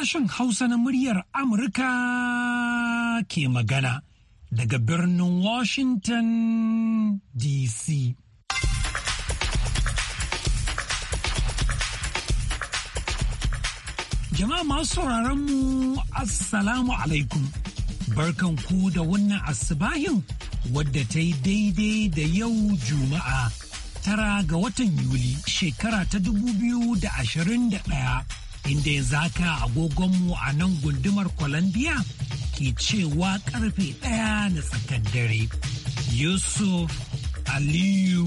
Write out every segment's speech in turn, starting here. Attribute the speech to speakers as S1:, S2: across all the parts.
S1: sashen Hausa na muryar Amurka ke magana daga birnin Washington DC. Jama'a masu sauraron mu Assalamu alaikum. Barkan ku da wannan asibahin wadda ta yi daidai da yau Juma'a tara ga watan Yuli shekara ta dubu biyu da ashirin da ɗaya. inda yanzu haka agogonmu a nan gundumar Colombia ke cewa karfe ɗaya na tsakar dare. Yusuf Aliyu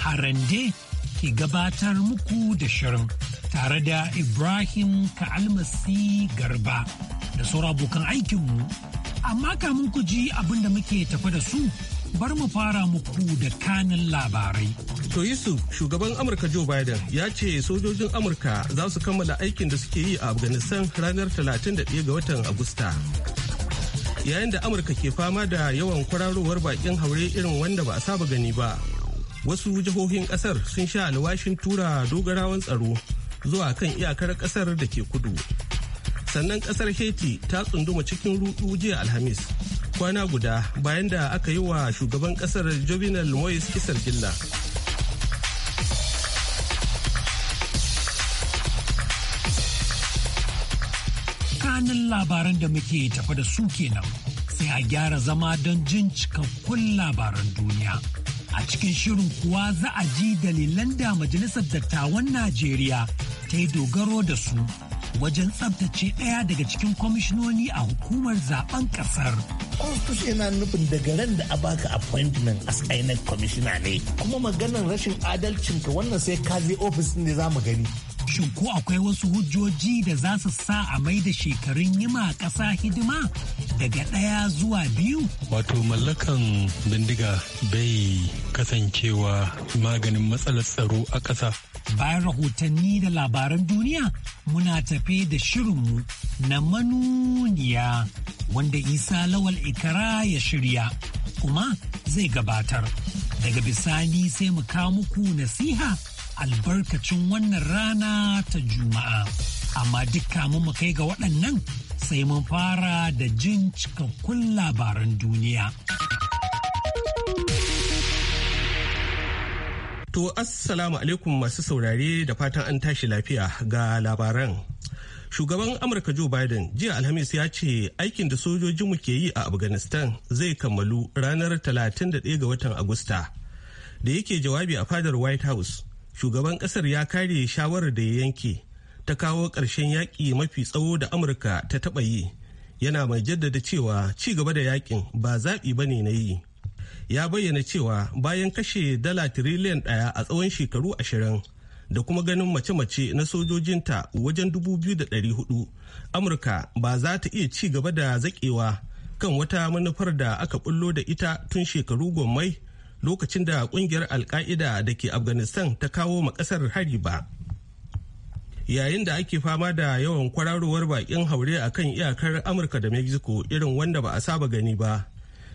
S1: Harande ke gabatar muku da shirin tare da Ibrahim Ka'almasi Garba da sauran abokan aikinmu. Amma kamun ku ji abin da muke tafa da su bar mu fara muku da kanin labarai.
S2: To Yusuf, shugaban Amurka Joe Biden ya ce sojojin Amurka za su kammala aikin da suke yi a Afghanistan ranar 31 ga watan Agusta. Yayin da Amurka ke fama da yawan kwararowar bakin haure irin wanda ba a saba gani ba, wasu jihohin kasar sun sha alwashin tura dogarawan tsaro zuwa kan iyakar kasar da ke kudu. Sannan kasar Haiti ta tsunduma cikin rudu jiya Alhamis kwana guda bayan da aka yi wa shugaban kasar Jovinal moyes kisar gilla
S1: kanin labaran da muke tafa da su kenan sai a gyara zama don jin cikakkun labaran duniya a cikin shirin kuwa za a ji dalilan da majalisar dattawan najeriya ta yi dogaro da su wajen tsabtace ɗaya daga cikin kwamishinoni a hukumar zaben ƙasar.
S3: constitution yana nufin daga ran da a baka appointment as INEC commissioner ne
S1: kuma maganar rashin adalcin ka wannan sai ka je office ne za mu gani Shin ko akwai wasu hujjoji da za su sa a mai da shekarun yi ma ƙasa hidima daga ɗaya zuwa biyu?
S4: Wato mallakan bindiga bai kasancewa maganin matsalar tsaro a ƙasa.
S1: Bayan rahotanni da labaran duniya muna tafe da shirinmu na manuniya wanda Isa Lawal Ikara ya shirya kuma zai gabatar. Daga bisani sai mu kawo muku nasiha. albarkacin wannan rana ta Juma'a. Amma dukka kamun mu kai ga waɗannan sai mun fara da jin cikakkun labaran duniya.
S2: To, Assalamu alaikum masu saurare da fatan an tashi lafiya ga labaran. Shugaban Amurka Joe Biden jiya Alhamis ya ce aikin da sojojinmu ke yi a Afghanistan zai kammalu ranar 31 ga watan Agusta. Da yake jawabi a fadar White House, shugaban kasar ya kare shawarar da ya yanke ta kawo ƙarshen yaƙi mafi tsawo da amurka ta taɓa yi yana mai jaddada cewa ci gaba da yaƙin ba zaɓi ba ne na yi ya bayyana cewa bayan kashe dala tiriliyan ɗaya a tsawon shekaru ashirin da kuma ganin mace-mace na sojojinta wajen dubu biyu da ɗari hudu amurka ba za ta iya ci gaba da zaƙewa kan wata manufar da aka bullo da ita tun shekaru gwammai lokacin da kungiyar alka'ida da ke afghanistan ta kawo ma kasar hari ba yayin da ake fama da yawan kwararowar bakin haure a kan iyakar amurka da mexico irin wanda ba a saba gani ba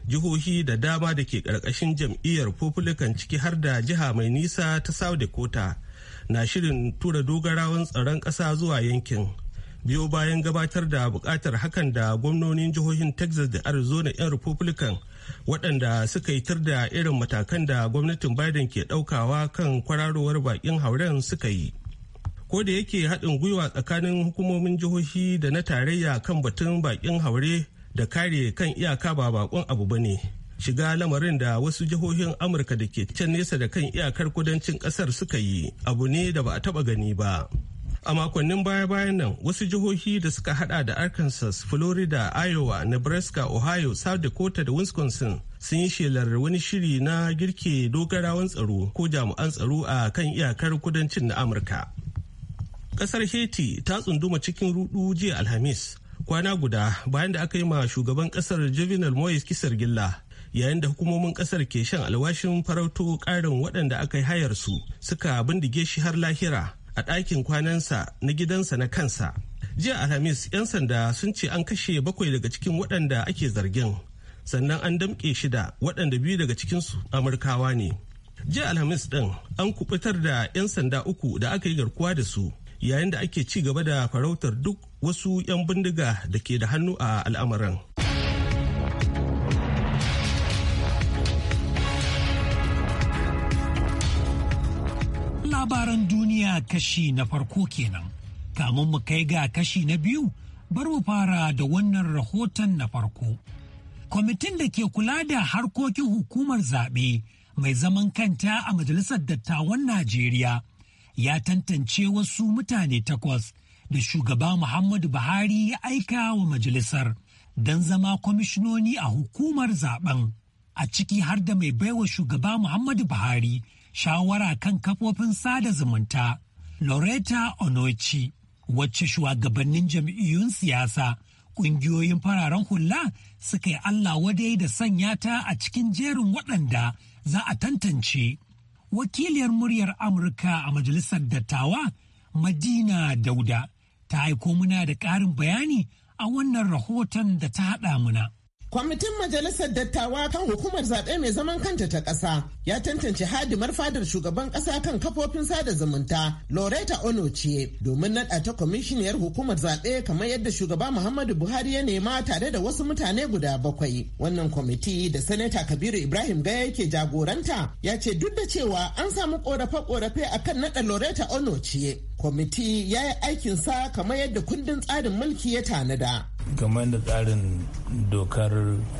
S2: jihohi da dama da ke karkashin jam'iyyar republican ciki har da jiha mai nisa ta south dakota na shirin tura dogarawan tsaron kasa zuwa yankin biyo bayan gabatar da bukatar hakan da gwamnonin jihohin texas da arizona 'yan republican waɗanda suka yi tur da irin matakan da gwamnatin Biden ke ɗaukawa kan kwararowar bakin hauren suka yi. Ko da yake haɗin gwiwa tsakanin hukumomin jihohi da na tarayya kan batun bakin haure da kare kan iyaka ba bakon abu ba ne. shiga lamarin da wasu jihohin amurka da ke can nesa da kan iyakar kudancin ƙasar suka yi abu ne da ba a taba gani ba A makonnin baya-bayan nan wasu jihohi da suka hada da Arkansas, Florida, Iowa, Nebraska, Ohio, South Dakota da Wisconsin sun yi shelar wani shiri na girke dogarawan tsaro ko jami'an tsaro a kan iyakar kudancin na Amurka. Kasar Haiti ta tsunduma cikin rudu jiya Alhamis kwana guda bayan da aka yi ma shugaban kasar Juvenal Moise kisar gilla. yayin da hukumomin kasar ke shan alwashin farauto karin waɗanda aka yi hayar su suka bindige shi har lahira a ɗakin kwanansa na gidansa na kansa jiya alhamis 'yan sanda sun ce an kashe bakwai daga cikin waɗanda ake zargin sannan an damƙe shida waɗanda biyu daga cikinsu amurkawa ne jiya alhamis ɗin an kubutar da 'yan sanda uku da aka yi garkuwa da su yayin da ake ci gaba da farautar duk wasu 'yan bindiga da ke da hannu a al'amuran.
S1: Labaran duniya kashi na farko kenan. Kamun mu kai ga kashi na biyu, bar mu fara da wannan rahoton na farko. Kwamitin da ke kula da harkokin hukumar zaɓe mai zaman kanta a Majalisar Dattawan Najeriya ya tantance wasu mutane takwas da shugaba Muhammadu Buhari ya aika wa majalisar don zama kwamishinoni a hukumar zaben a ciki har da mai baiwa shugaba Muhammadu Buhari shawara kan kafofin sada zumunta loretta onochi wacce shugabannin jam'iyyun siyasa ƙungiyoyin fararen hula suka yi allah wadai da sanya ta a cikin jerin waɗanda za a tantance wakiliyar muryar amurka a majalisar dattawa madina dauda ta aiko muna da ƙarin bayani a wannan rahoton da ta haɗa muna.
S5: Kwamitin Majalisar Dattawa kan hukumar zaɓe mai zaman kanta ta ƙasa ya tantance hadimar fadar shugaban ƙasa kan kafofin sada zumunta Loretta Onochie domin naɗa ta kwamishiniyar hukumar zaɓe kamar yadda shugaba Muhammadu Buhari ya nema tare da wasu mutane guda bakwai. Wannan kwamiti da Sanata Kabiru Ibrahim Gaya yake jagoranta ya ce duk da cewa an samu ƙorafe-ƙorafe akan naɗa Loretta Onochie kwamiti ya yi aikinsa kamar yadda kundin tsarin mulki ya tanada
S3: game da tsarin dokar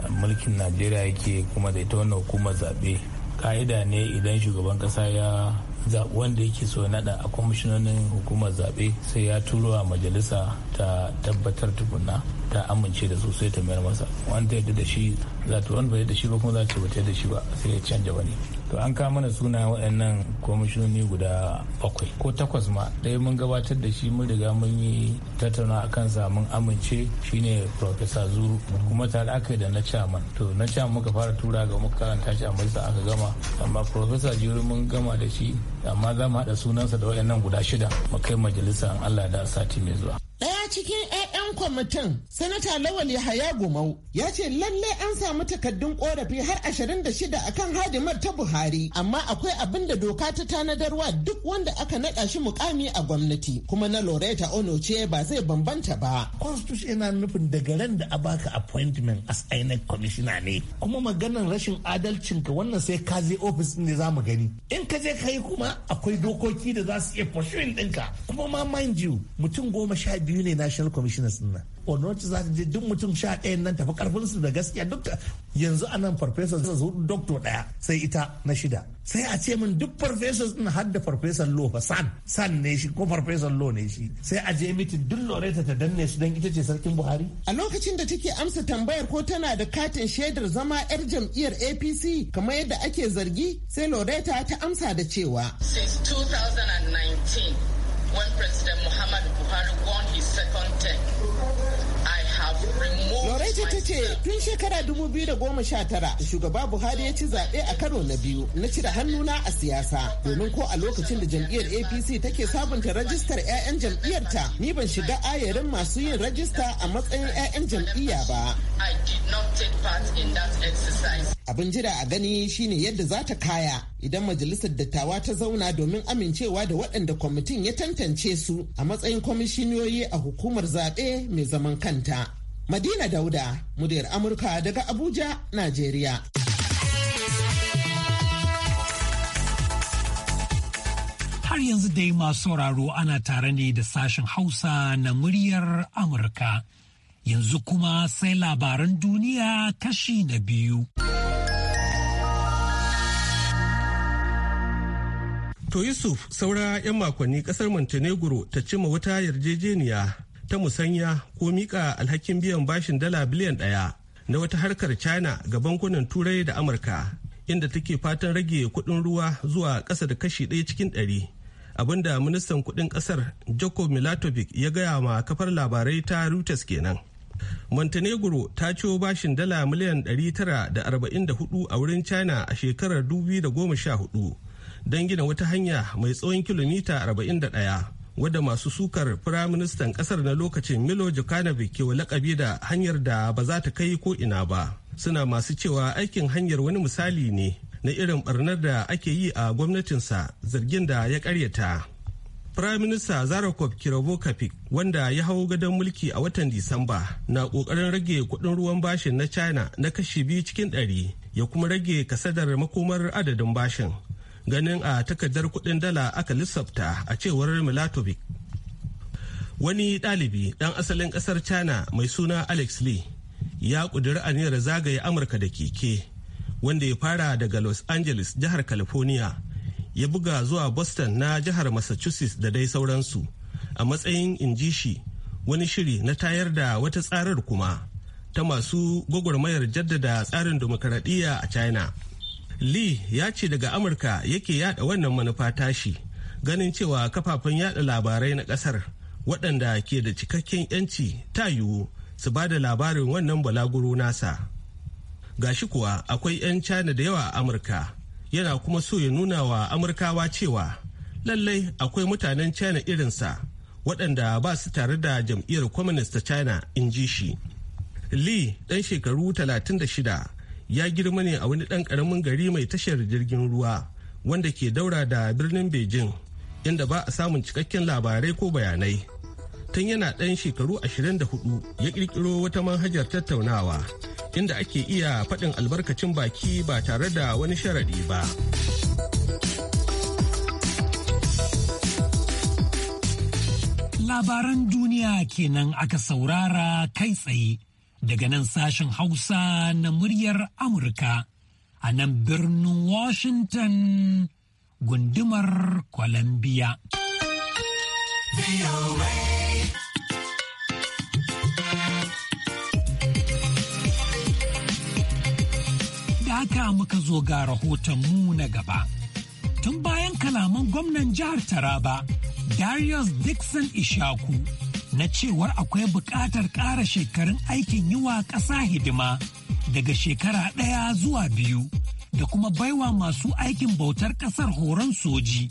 S3: mulkin najeriya yake kuma da ita wannan hukumar zaɓe ka'ida ne idan shugaban ƙasa ya zaɓi wanda yake so naɗa a kwamishinanin hukumar zabe sai ya turo a majalisa ta tabbatar tukuna ta amince da su sai ta mayar masa wanda ya da shi za ta wanda bai da shi ba kuma za ta bata da shi ba sai ya canja wani to an kawo mana suna waɗannan kwamishoni guda bakwai ko takwas ma ɗaya mun gabatar da shi mun riga mun yi tattauna a kansa mun amince shine professor zuru kuma tare aka da na chairman to na chairman muka fara tura ga muka karanta shi a majalisa aka gama amma professor juru mun gama da shi amma za mu haɗa sunansa da waɗannan guda shida mu kai majalisa an Allah da sati mai zuwa.
S5: Ɗaya cikin 'ya'yan kwamitin sanata Lawal Yahaya Gumau ya ce lallai an samu takaddun korafi har ashirin da 26 kan hadimar ta Buhari amma akwai abin da doka ta tanadarwa duk wanda aka naɗa shi mukami a gwamnati kuma na Loretta Ono ce ba zai bambanta ba. Constitution yana nufin daga ran da a baka appointment as INEC commissioner ne kuma maganar rashin adalcinka
S3: wannan sai ka je ofis ne za mu gani in ka je ka yi kuma akwai dokoki da za su iya pursuing ɗinka kuma ma mind you mutum goma sha biyu ne national commissioners nan onoci za ta je duk mutum sha ɗayan nan tafi karfin su da gaskiya duk yanzu anan farfesan zo doktor ɗaya sai ita na shida sai a ce min duk farfesan din har farfesan lo fa san san ne shi ko farfesan lo ne shi sai a je miti duk loreta ta danne su dan ita ce sarkin buhari
S5: a lokacin da take amsa tambayar ko tana da katin shaidar zama yar jam'iyyar apc kamar yadda ake zargi sai loreta ta amsa da cewa 2019 when President Muhammad Buhari won his second term, I Loreja ta ce tun shekara 2019 shugaba Buhari ya ci zaɓe a karo na biyu na cire hannuna a siyasa domin ko a lokacin da jam'iyyar APC take sabunta rajistar 'ya'yan jam'iyyarta ni ban shiga ayarin masu yin rajista a matsayin 'ya'yan jam'iyya ba. Abin jira a gani shine yadda za ta kaya idan majalisar dattawa ta zauna domin amincewa da waɗanda kwamitin ya tantance su a matsayin kwamishiniyoyi a hukumar zaɓe mai zaman kanta. Madina Dauda, muryar Amurka daga Abuja, Najeriya.
S1: Har yanzu dai masu sauraro ana tare ne da sashen Hausa na muryar Amurka. Yanzu kuma sai labaran duniya kashi na biyu.
S2: To Yusuf, saura 'yan makonni kasar Montenegro ta cima wata yarjejeniya ta musanya ko mika alhakin biyan bashin dala biliyan ɗaya na wata harkar china ga bankunan turai da amurka inda take fatan rage kuɗin ruwa zuwa ƙasa da kashi ɗaya cikin ɗari abinda ministan kuɗin ƙasar jacob milatovic ya gaya ma kafar labarai ta reuters kenan montenegro ta ciwo bashin dala miliyan 944 a wurin china a shekarar 2014 don gina wata hanya mai tsawon kilomita 41 wadda masu sukar firaministan kasar na lokacin milo jukanovic ke lakabi da hanyar da ba za ta kai ko ina ba suna masu cewa aikin hanyar wani misali ne na irin barnar da ake yi a gwamnatinsa zargin da ya karyata firaminista zarakov wanda ya hau gadon mulki a watan disamba na kokarin rage kudin ruwan bashin na china na kashi biyu cikin ɗari ya kuma rage kasadar makomar adadin bashin ganin a takardar kuɗin dala aka lissafta a cewar milatovic wani ɗalibi ɗan asalin ƙasar china mai suna alex lee ya ƙudiri aniyar zagaye amurka da keke wanda ya fara daga los angeles jihar california ya buga zuwa boston na jihar massachusetts da dai sauransu a matsayin inji shi wani shiri na tayar da wata tsarar kuma ta masu gwagwarmayar jaddada tsarin demokaradiyya a china lee ya ce daga amurka yake yada wannan manufa tashi ganin cewa kafafen yada labarai na kasar waɗanda ke da cikakken 'yanci ta yiwu su ba da labarin wannan balaguro nasa Ga shi kuwa akwai 'yan china da yawa a amurka yana kuma so ya nuna wa amurkawa cewa lallai akwai mutanen china irinsa waɗanda ba su tare da jam'iyyar communist china in ji shi lee ɗan shekaru 36 ya girma ne a wani ɗan ƙaramin gari mai tashar jirgin ruwa wanda ke daura da birnin beijing inda ba a samun cikakken labarai ko bayanai tun yana ɗan shekaru 24 ya ƙirƙiro wata manhajar tattaunawa inda ake iya faɗin albarkacin baki ba tare da wani sharaɗi ba
S1: labaran duniya kenan aka saurara kai tsaye daga nan sashen Hausa na muryar Amurka a nan birnin Washington gundumar Columbia. Da haka muka zo ga rahotonmu na gaba. Tun bayan kalaman gwamnan jihar Taraba, Darius Dixon Ishaku. na cewar akwai buƙatar ƙara shekarun aikin yi wa ƙasa hidima daga shekara ɗaya zuwa biyu da kuma baiwa masu aikin bautar ƙasar horon soji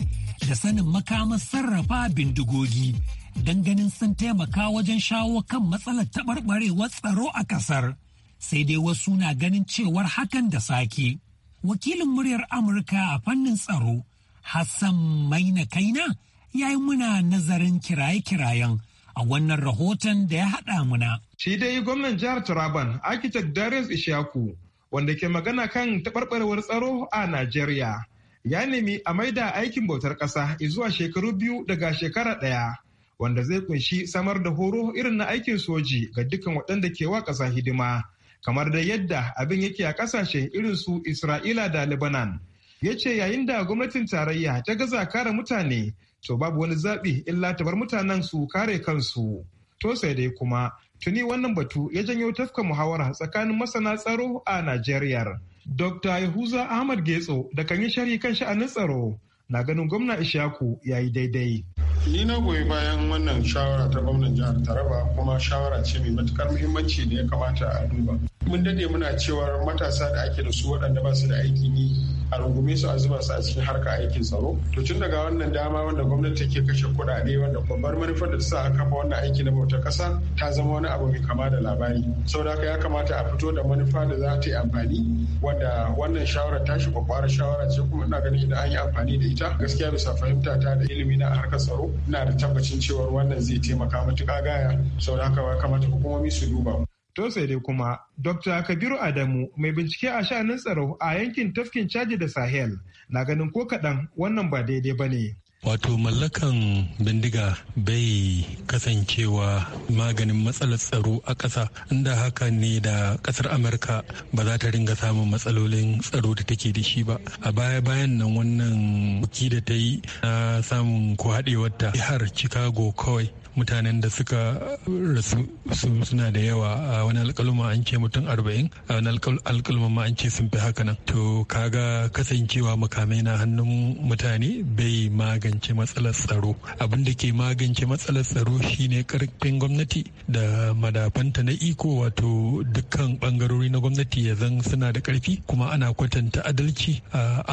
S1: da sanin makamin sarrafa bindigogi don ganin sun taimaka wajen shawo kan matsalar taɓarɓarewar tsaro a ƙasar sai dai wasu na ganin cewar hakan da sake wakilin muryar amurka a fannin tsaro hassan maina kaina ya yi muna nazarin kiraye-kirayen a wannan rahoton da ya haɗa muna. Shi dai gwamnan
S6: jihar Taraban, Architect Darius Ishaku, wanda ke magana kan taɓarɓarewar tsaro a Najeriya. Ya nemi a maida aikin bautar ƙasa zuwa shekaru biyu daga shekara ɗaya, wanda zai kunshi samar da horo irin na aikin soji ga dukkan waɗanda ke wa ƙasa hidima, kamar da yadda abin yake a ƙasashe irin su Isra'ila da Lebanon. Ya ce yayin da gwamnatin tarayya ta gaza kare mutane to babu wani zaɓi illa ta bar mutanen su kare kansu to sai dai kuma tuni wannan batu ya janyo tafka muhawara tsakanin masana tsaro a najeriya dr yahuza ahmad getso da kan yi shari kan sha'anin tsaro na ganin gwamna ishaku ya yi daidai ni na goyi bayan wannan shawara ta gwamnan jihar taraba kuma shawara ce mai matukar muhimmanci da ya kamata a duba mun dade muna cewar matasa da ake da su waɗanda ba su da aiki yi a rungume su a zuba su a cikin harka aikin tsaro to tun daga wannan dama wanda gwamnati ke kashe kuɗaɗe wanda babbar manufar da ta sa kafa wannan aiki na bautar ƙasa ta zama wani abu mai kama da labari saboda haka ya kamata a fito da manufa da za ta yi amfani wanda wannan shawara ta shi kwakwar shawara ce kuma ina ganin idan an yi amfani da ita gaskiya bisa fahimta ta da ilimi na harkar tsaro ina da tabbacin cewar wannan zai taimaka matuƙa gaya saboda haka ya kamata hukumomi su duba To sai dai kuma Dr. Kabiru Adamu mai bincike a sha'anin tsaro a yankin tafkin caji da Sahel na ganin ko kaɗan wannan ba daidai ba ne.
S4: Wato mallakan bindiga bai kasancewa maganin matsalar tsaro a ƙasa inda haka ne da ƙasar Amurka ba za ta ringa samun matsalolin tsaro da take da shi ba. A baya bayan nan wannan buki da ta yi na samun ko ta jihar Chicago kawai mutanen da suka rasu su suna da yawa a wani alkaluma an ce mutum arba'in a wani alkaluma ma an ce sun fi haka nan to kaga kasancewa makamai na hannun mutane bai magance matsalar tsaro abin da ke magance matsalar tsaro shine karfin gwamnati da madafanta na iko wato dukkan bangarori na gwamnati ya zan suna da karfi kuma ana kwatanta adalci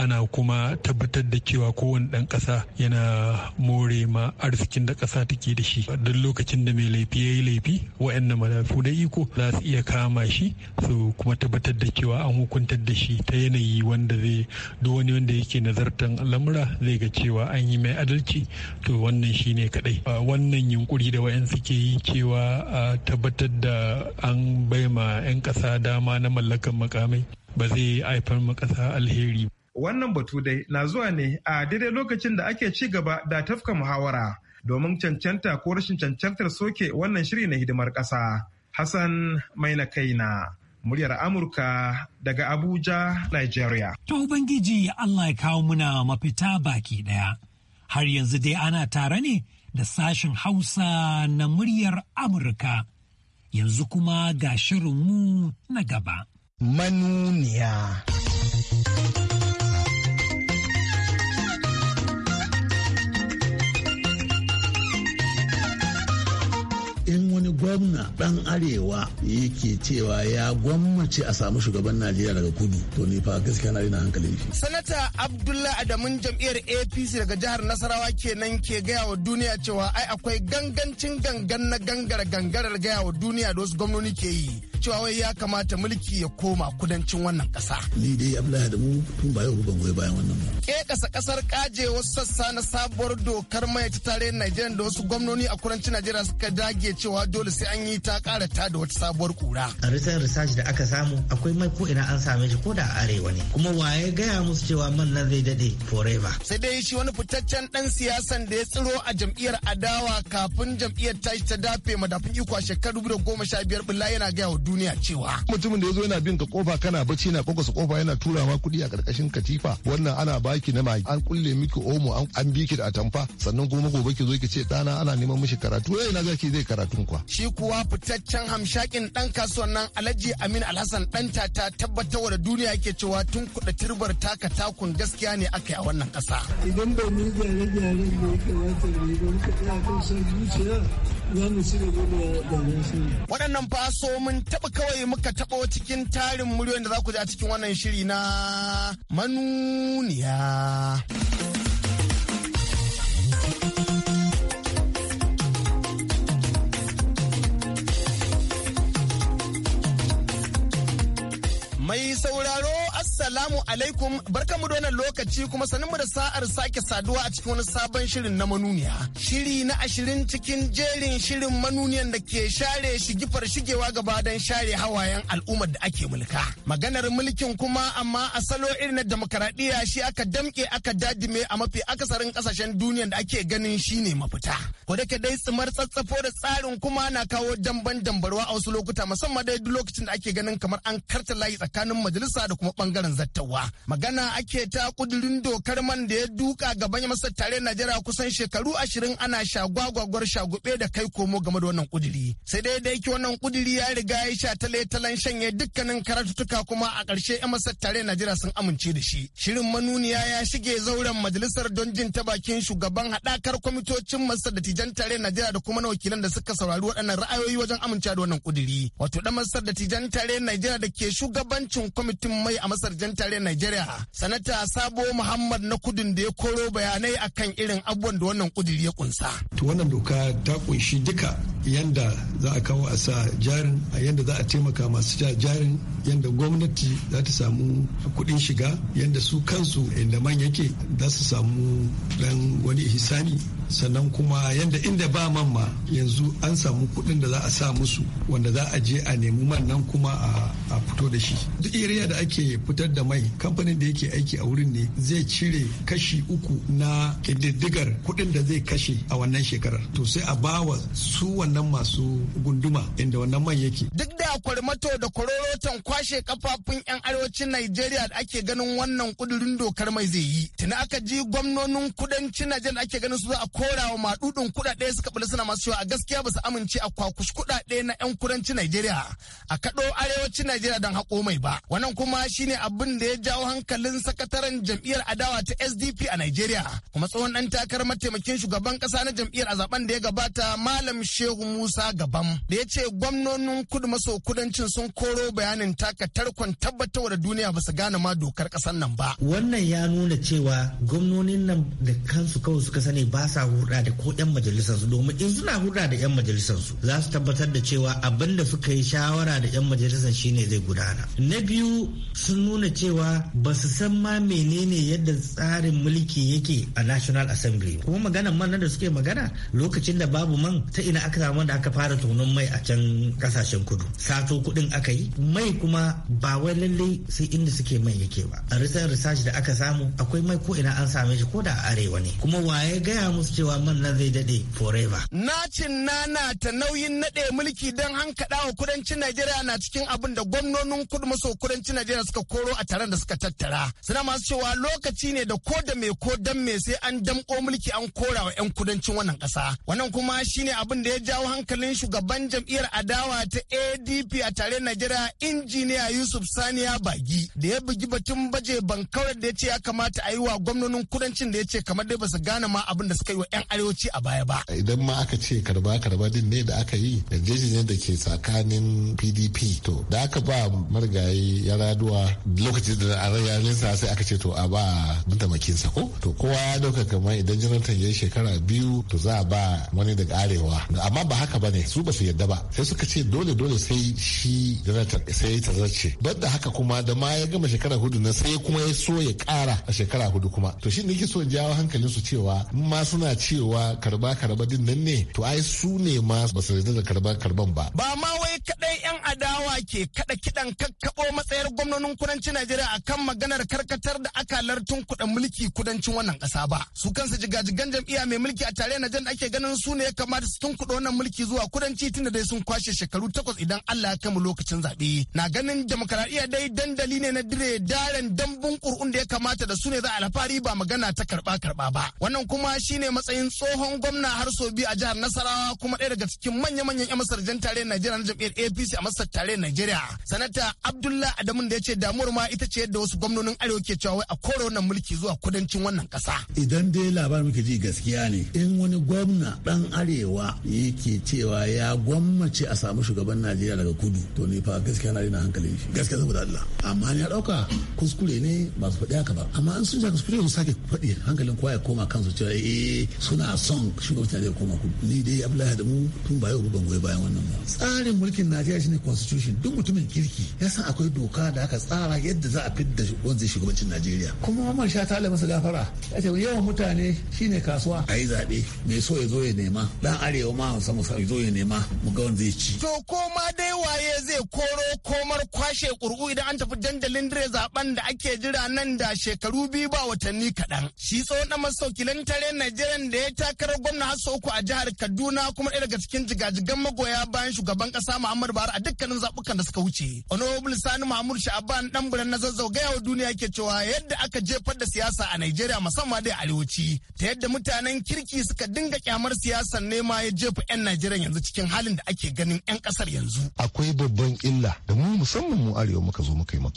S4: ana kuma tabbatar da cewa kowane ɗan ƙasa yana more ma arzikin da ƙasa take da shi duk lokacin da mai laifi ya yi laifi waɗanda malafu da iko za su iya kama shi su kuma tabbatar da cewa an hukuntar da shi ta yanayi wanda zai duk wani wanda yake nazartan lamura zai ga cewa an yi mai adalci to wannan shi ne kadai wannan yunkuri da wayan suke yi cewa a tabbatar da an baima 'yan kasa dama na mallakan makamai ba zai haifar makasa alheri
S6: wannan batu dai na zuwa ne a daidai lokacin da ake ci gaba da tafka muhawara domin cancanta ko rashin cancantar soke wannan shiri na hidimar ƙasa. Hassan Maina na muryar Amurka daga Abuja, Nigeria.
S1: to Ubangiji Allah ya kawo muna mafita baki ɗaya. Har yanzu dai ana tare ne da sashen Hausa na muryar Amurka. Yanzu kuma ga shirinmu na gaba. Manuniya.
S3: in wani gwamna ɗan arewa yake cewa ya gwammace a samu shugaban najeriya daga kudu to ni fa gaskiya na rena hankali. shi
S7: sanata abdullah adamun jam'iyyar apc daga jihar nasarawa kenan ke gaya wa duniya cewa ai akwai gangancin gangan na gangara gangarar gaya wa duniya da wasu gwamnoni ke yi cewa wai ya kamata mulki ya koma kudancin wannan kasa.
S3: Ni dai Abdullahi da mu tun ba yau ban goyi bayan wannan ba.
S7: Ke kasa kasar kaje wasu sassa na sabuwar dokar mai ta tare Najeriya da wasu gwamnoni a kudancin Najeriya suka dage cewa dole sai an yi ta kara ta da wata sabuwar kura.
S5: A risan research da aka samu akwai mai ko ina an same shi ko da a arewa
S7: ne. Kuma waye gaya musu cewa
S5: man nan zai dade forever.
S7: Sai dai shi wani fitaccen dan siyasan da ya tsiro a jam'iyyar adawa kafin jam'iyyar tashi ta dafe madafin iko a shekaru 2015 bulla yana gaya wa duniya cewa
S8: mutumin da ya zo yana bin ka kofa kana bacci na kokosa kofa yana turawa kuɗi a karkashin katifa wannan ana baki na magi an kulle miki omo an bi ki da atamfa sannan kuma gobe ki zo ki ce dana ana neman mishi karatu eh na zaki zai karatun kwa
S7: shi kuwa fitaccen hamshakin dan kasuwan nan Alhaji Amin Alhassan dan tata tabbatar da duniya yake cewa tun kuɗa turbar taka takun gaskiya ne aka yi a wannan ƙasa idan ba ni gyare-gyaren da ya kamata ne don kuɗi a kan son zuciya za mu shirya da Waɗannan faso mun taɓa kawai muka taɓa cikin tarin muryoyin da za ku ji a cikin wannan shiri na manuniya. Mai sauraro Assalamu alaikum barkamu da wannan lokaci kuma sanin mu da sa'ar sake saduwa a cikin wani sabon shirin na manuniya. Shiri na ashirin cikin jerin shirin manuniyan da ke share shigifar shigewa gaba don share hawayen al'ummar da ake mulka. Maganar mulkin kuma amma a salo irin na demokaradiyya shi aka damke aka dadime a mafi akasarin kasashen duniyan da ake ganin shine mafita. Ko da dai tsimar tsatsafo da tsarin kuma na kawo damban dambarwa a wasu lokuta musamman dai duk lokacin da ake ganin kamar an karta layi tsakanin majalisa da kuma bangaren zattawa magana ake ta kudirin dokar man da ya duka gaban masa tare najeriya kusan shekaru ashirin ana shagwagwagwar shagube da kai komo game da wannan kudiri sai dai da yake wannan kudiri ya riga ya sha tale talan shanye dukkanin karatutuka kuma a ƙarshe yan masa tare najeriya sun amince da shi shirin manuniya ya shige zauren majalisar don jin ta bakin shugaban haɗakar kwamitocin masar da tijan tare najeriya da kuma na wakilan da suka saurari waɗannan ra'ayoyi wajen amincewa da wannan kudiri wato dan masar da tijan tare najeriya da ke shugabancin kwamitin mai a masar wajen tare Najeriya sanata Sabo Muhammad na kudin da ya koro bayanai akan irin abubuwan da wannan kudiri ya kunsa.
S4: wannan doka ta kunshi duka yanda za a kawo a sa jarin a yanda za a taimaka masu sa jarin yanda gwamnati za ta samu kudin shiga yanda su kansu inda man yake za su samu dan wani hisani sannan kuma yanda inda ba man ma yanzu an samu kuɗin da za a sa musu wanda za a je a nemi man nan kuma a fito da shi duk iriya da ake fitar da mai kamfanin da yake aiki a wurin ne zai cire kashi uku na ƙididdigar kuɗin da zai kashe a wannan shekarar to sai a bawa su wannan masu gunduma inda wannan man yake duk da sa
S7: kwarmato da kwarorotan kwashe kafafun 'yan arewacin Najeriya da ake ganin wannan kudurin dokar mai zai yi. Tuna aka ji gwamnonin kudancin Najeriya da ake ganin su za a kora wa maɗuɗin kuɗaɗe suka bala suna masu yawa a gaskiya ba su amince a kwakush kuɗaɗe na 'yan kudancin Najeriya a kaɗo arewacin Najeriya don haƙo mai ba. Wannan kuma shine abin da ya jawo hankalin sakataren jam'iyyar adawa ta SDP a Najeriya kuma tsohon ɗan takarar mataimakin shugaban ƙasa na jam'iyyar a zaben da ya gabata Malam Shehu Musa Gabam da ya ce gwamnonin kudu maso kudancin sun koro bayanin taka tarkon tabbatar da duniya ba su gane ma dokar kasar nan ba wannan
S5: ya nuna cewa gwamnonin nan da kansu kawai suka sani ba sa hurɗa da ko yan majalisarsu domin in suna hurɗa da yan majalisarsu za su tabbatar da cewa abin da suka yi shawara da yan majalisar shine zai gudana na biyu sun nuna cewa ba su san ma menene yadda tsarin mulki yake a national assembly kuma magana man da suke magana lokacin da babu man ta ina aka samu da aka fara tonon mai a can kasashen kudu tatso kudin aka yi mai kuma ba wai lallai sai inda suke mai yake ba a risan research da aka samu akwai mai ko ina an same shi ko da arewa ne kuma waye gaya musu cewa man nan zai dade forever
S7: nacin nana ta nauyin nade mulki don hankaɗa wa kudancin najeriya na cikin abin da gwamnonin kudu maso kudancin najeriya suka koro a taron da suka tattara suna masu cewa lokaci ne da ko da mai ko dan mai sai an damko mulki an kora wa 'yan kudancin wannan kasa wannan kuma shine abin da ya jawo hankalin shugaban jam'iyyar adawa ta adp PDP a tare Najeriya injiniya Yusuf Saniya Bagi da ya bugi batun baje bankawar da ya ce ya kamata a yi wa gwamnonin kudancin da ya ce kamar dai ba su gane ma abin da suka yi wa 'yan arewaci a baya ba.
S3: Idan ma aka ce karba karba din ne da aka yi yarjejeniyar da ke tsakanin PDP to da aka ba marigayi ya raduwa lokacin da a rayarinsa sai aka ce to a ba mataimakinsa ko to kowa ya dauka kamar idan jonathan ya yi shekara biyu to za a ba wani daga arewa amma ba haka ba ne su ba su yadda ba sai suka ce dole dole sai shi Jonathan sai ya tazarce da haka kuma da ma ya gama shekara hudu na sai kuma ya so ya kara a shekara hudu kuma to shi nake so in jawo hankalin su cewa ma suna cewa karba karba din nan ne to ai su ne ma ba su da karba karban ba
S7: ba ma wai kadai yan adawa ke kada kidan kakkabo matsayar gwamnonin kudancin Najeriya akan maganar karkatar da aka lartun kuɗin mulki kudancin wannan kasa ba su kansu jigajigan jam'iyya mai mulki a tare na jan ake ganin su ne ya kamata su tun wannan mulki zuwa kudanci tunda dai sun kwashe shekaru takwas idan Allah Allah ya kama lokacin zaɓe na ganin demokaradiyya dai dandali ne na dire daren dambun kur'un da ya kamata da su ne za a alfahari ba magana ta karba karba ba wannan kuma shine matsayin tsohon gwamna har so biyu a jihar Nasarawa kuma ɗaya daga cikin manya-manyan 'yan masarjan tarayyar Najeriya na jam'iyyar APC a masar tarayyar Najeriya sanata Abdullah Adamu da ya ce damuwar ma ita ce yadda wasu gwamnonin Arewa ke cewa wai a kore wannan mulki zuwa kudancin wannan ƙasa
S3: idan dai labarin muke ji gaskiya ne in wani gwamna dan Arewa yake cewa ya gwammace a samu shugaban Najeriya daga kudu to ni fa gaskiya na rena hankali shi gaskiya saboda Allah amma ni ya dauka kuskure ne ba su faɗi haka ba amma an sun saka kuskure su sake faɗi hankalin kowa ya koma kansu cewa eh, eh suna son shugabancin da koma kudu ni dai Abdullahi da mu tun ba yau ban goyi bayan wannan ba tsarin mulkin Najeriya shine constitution duk mutumin kirki ya san akwai doka da aka tsara yadda za a fidda wanzai shugabancin Najeriya kuma Umar Sha ta masa gafara ya ce yawan mutane shine kasuwa ayi zabe mai so ya ya nema dan arewa ma musamman ya zo ya nema mu ga wanzai ci
S7: to ma dai waye zai koro komar kwashe ƙur'u idan an tafi dandalin dire zaben da ake jira nan da shekaru biyu ba watanni kaɗan. Shi tsohon ɗan masaukilan tare Najeriya da ya takarar gwamna Hassan uku a jihar Kaduna kuma ɗaya daga cikin jigajigan magoya bayan shugaban ƙasa Muhammadu Buhari a dukkanin zaɓukan da suka wuce. Honorable Sani Mahmud Sha'aban ɗan biran na zazzagaya wa duniya ke cewa yadda aka jefar da siyasa a Najeriya musamman da arewaci ta yadda mutanen kirki suka dinga kyamar siyasar nema ya jefa 'yan Najeriya yanzu cikin halin da ake ganin 'yan ƙasar yanzu.
S8: akwai babban illa da mu musamman mu arewa muka zo muka yi mu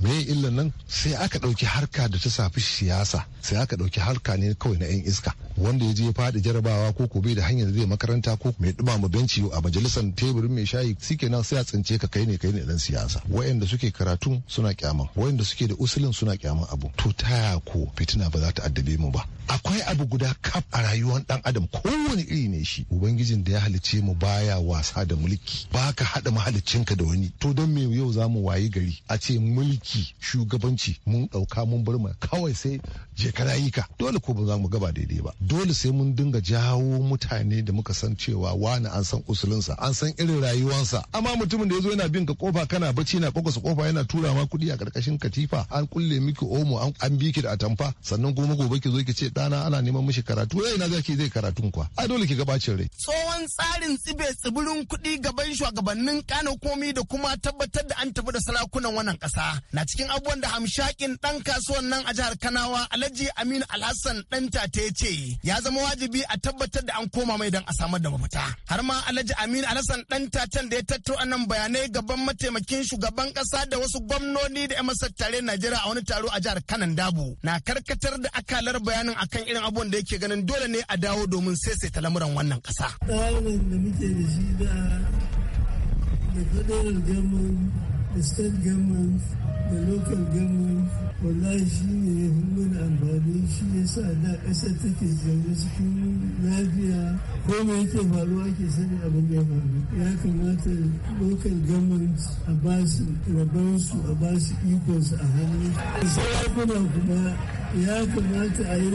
S8: me illa nan sai aka ɗauki harka da ta safi siyasa sai aka ɗauki harka ne kawai na 'yan iska wanda ya je ya fadi jarabawa ko ko bai da hanyar zai makaranta ko mai ɗumama benci a majalisar teburin mai shayi nan sai a tsince ka kai ne kai ne dan siyasa wayanda suke karatun suna kyaman wayanda suke da usulin suna kyaman abu to taya ko fitina ba za ta addabe mu ba akwai abu guda kaf a rayuwar dan adam kowane iri ne shi ubangijin da ya halice mu baya wasa da mulki baka hada haɗa mahaliccinka da wani to don me yau za mu wayi gari a ce mulki shugabanci mun ɗauka mun bar kawai sai je kana yi ka dole ko ba za mu gaba daidai ba dole sai mun dinga jawo mutane da muka san cewa wani an san usulinsa an san irin rayuwansa amma mutumin da ya zo yana bin ka kofa kana bacci na kwakwasa kofa yana tura ma kuɗi a karkashin katifa an kulle miki omo an bi ki da atamfa sannan kuma gobe ki zo ki ce ɗana ana neman mishi karatu rai eh, na zaki zai karatun kwa ai dole ki ga
S7: rai. tsohon tsarin tsibe tsibirin kuɗi gaban shugabannin kano komi da kuma tabbatar da an tafi da sarakunan wannan kasa na cikin abubuwan da hamshakin dan kasuwan nan a jihar kanawa Alhaji Aminu Alhassan dan tate ce ya zama wajibi a tabbatar da an koma mai dan a samar da mafita. Har ma Alhaji Aminu Alhassan dan tatan da ya tattau annan bayanai gaban mataimakin shugaban kasa da wasu gwamnoni da 'yan masar tare Najeriya a wani taro a jihar Kanan Dabo na karkatar da akalar bayanin akan irin abubuwan da yake ganin dole ne a dawo domin saisaita lamuran wannan kasa. da da da da federal government,
S3: state government, da local government wallahi shi ne ya fi amfani shi ya sa da ƙasar take zaune cikin lafiya ko me yake faruwa ke sani abin da ya faru ya kamata local government a ba su su a ba su su a hannu sarakuna kuma ya kamata a yi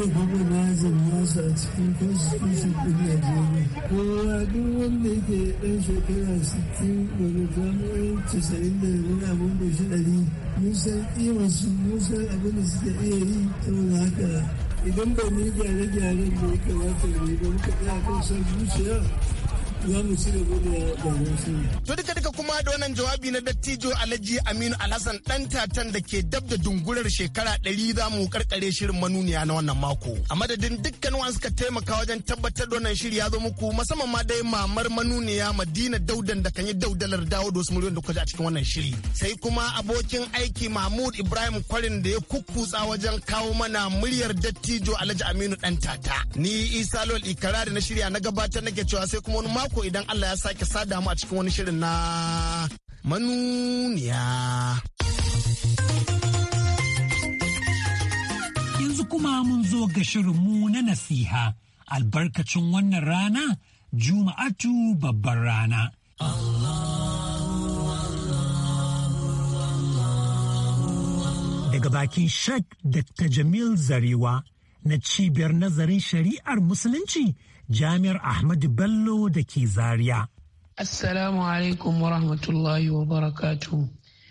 S3: zama su a cikin constitution ɗin Najeriya. Kowa duk wanda yake ɗan shekara 60 wani jami'in 90 da wani abin da shi ɗari musan iwon su musan abin da suke iya yi
S7: saboda haka idan ba mu yi gyare-gyaren da ya kamata ne ba muka tsaya kan san zuciya za mu ci gaba da To duka duka kuma da wannan jawabi na dattijo Alhaji Aminu Alhassan dan tatan da ke dab da dungurar shekara ɗari za mu karkare shirin manuniya na wannan mako. A madadin dukkan wa suka taimaka wajen tabbatar da wannan shiri ya zo muku musamman ma dai mamar manuniya Madina Daudan da kan yi daudalar dawo da wasu miliyan da kwaje a cikin wannan shiri. Sai kuma abokin aiki Mahmud Ibrahim Kwarin da ya kukkutsa wajen kawo mana muryar dattijo Alhaji Aminu dan tata. Ni Isa Lol Ikara da na shirya na gabatar nake cewa sai kuma wani mako mako idan Allah ya sake sada mu a cikin wani shirin na manuniya.
S1: Yanzu kuma mun zo ga shirinmu na nasiha albarkacin wannan rana Juma'atu babbar rana. Daga bakin Sheikh Dr. Jamil Zarewa na cibiyar nazarin shari'ar musulunci jami'ar ahmadu bello da ke zaria
S9: assalamu alaikum wa rahmatullahi wa barakatu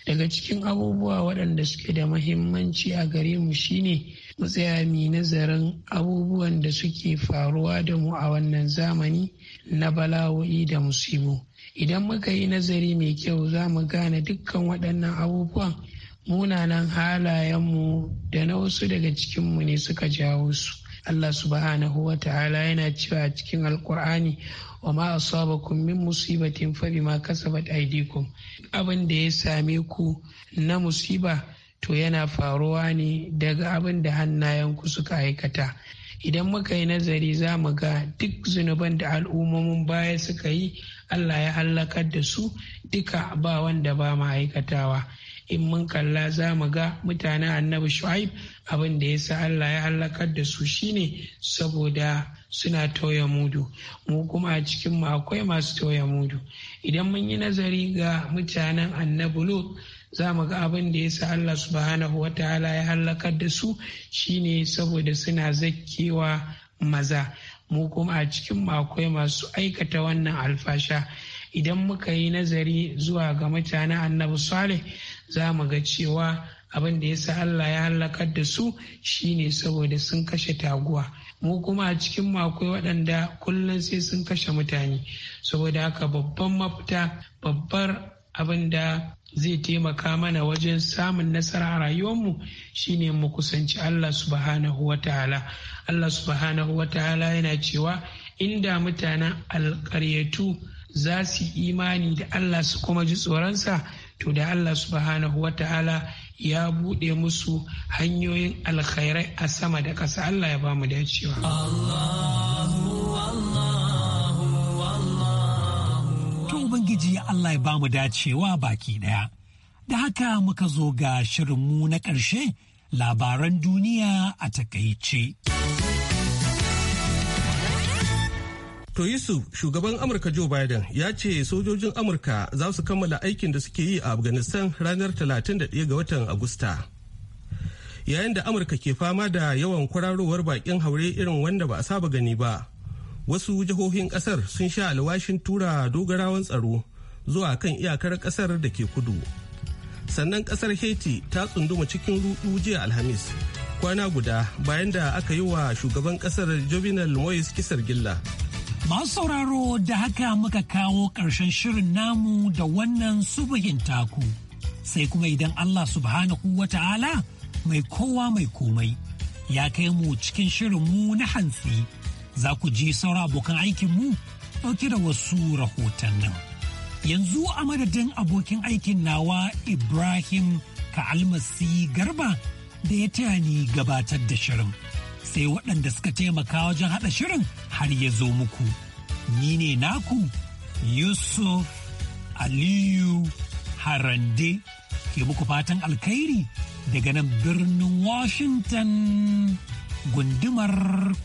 S9: daga cikin abubuwa waɗanda suke da mahimmanci a gare mu shine mu tsaya mu nazarin abubuwan da suke faruwa da mu a wannan zamani na bala'o'i da musibu idan muka yi nazari mai kyau za mu gane dukkan waɗannan abubuwan munanan halayenmu da na wasu daga cikinmu ne suka jawo su Allah subhanahu wa ta'ala yana cewa a cikin alkur'ani wa ma asabakum min musibatin fa bima kasabat aydikum abin da ya same ku na musiba to yana faruwa ne daga abin da hannayenku suka aikata idan muka yi nazari za mu ga duk zunuban da al'ummomin baya suka yi Allah ya hallakar da su duka ba wanda ba ma'aikatawa. in mun kalla za mu ga mutanen annabi shu'aib abin da ya sa Allah ya halakar da su shine saboda suna toya mudu mu kuma a cikin mu akwai masu toya mudu idan mun yi nazari ga mutanen annabi lut za mu ga abin da ya sa Allah subhanahu wata'ala ya halakar da su shine saboda suna zakkewa maza mu kuma a cikin mu akwai masu aikata wannan alfasha idan muka yi nazari zuwa ga mutanen annabi saleh za mu ga cewa abin da ya sa Allah ya halakar da su shine saboda sun kashe taguwa mu kuma a cikin makwai waɗanda kullum sai sun kashe mutane saboda haka babban mafita babbar abin da zai taimaka mana wajen samun nasara a rayuwarmu shine mu kusanci Allah subhanahu wa ta'ala Allah subhanahu wa ta'ala yana cewa inda mutanen alƙaryatu za su imani da Allah su kuma ji tsoronsa to da Allah subhanahu wa ta'ala ya buɗe musu hanyoyin alkhairai a sama da ƙasa Allah ya ba mu cewa.
S1: To Ubangiji Allah ya ba dacewa baki ɗaya. Da haka muka zo ga shirinmu na ƙarshe labaran duniya a takaice. To Yusuf,
S2: shugaban Amurka Joe Biden ya ce sojojin Amurka za su kammala aikin da suke yi a Afghanistan ranar 31 ga watan Agusta. Yayin da Amurka ke fama da yawan kwararowar bakin haure irin wanda ba a saba gani ba, wasu jihohin kasar sun sha alwashin tura dogarawan tsaro zuwa kan iyakar kasar da ke kudu. Sannan kasar Haiti ta tsunduma cikin ruɗu jiya Alhamis, kwana guda bayan da aka yi wa shugaban kasar Jovenel Moise kisar gilla.
S1: Masu sauraro da haka muka kawo ƙarshen shirin namu da wannan subuhin taku. Sai kuma idan Allah subhanahu wa ta'ala mai kowa mai komai ya kai mu cikin shirin mu na hantsi za ku ji sauran abokan aikinmu ɗauke da wasu rahotannin. Yanzu a madadin abokin aikin nawa Ibrahim Ka'almasi Garba da ya taya ni gabatar da shirin. sai waɗanda suka taimaka wajen haɗa shirin har ya zo muku. Ni ne naku Yusuf Aliyu Harande ke muku fatan alkhairi daga nan birnin Washington gundumar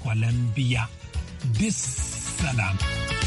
S1: Columbia. Bis salam.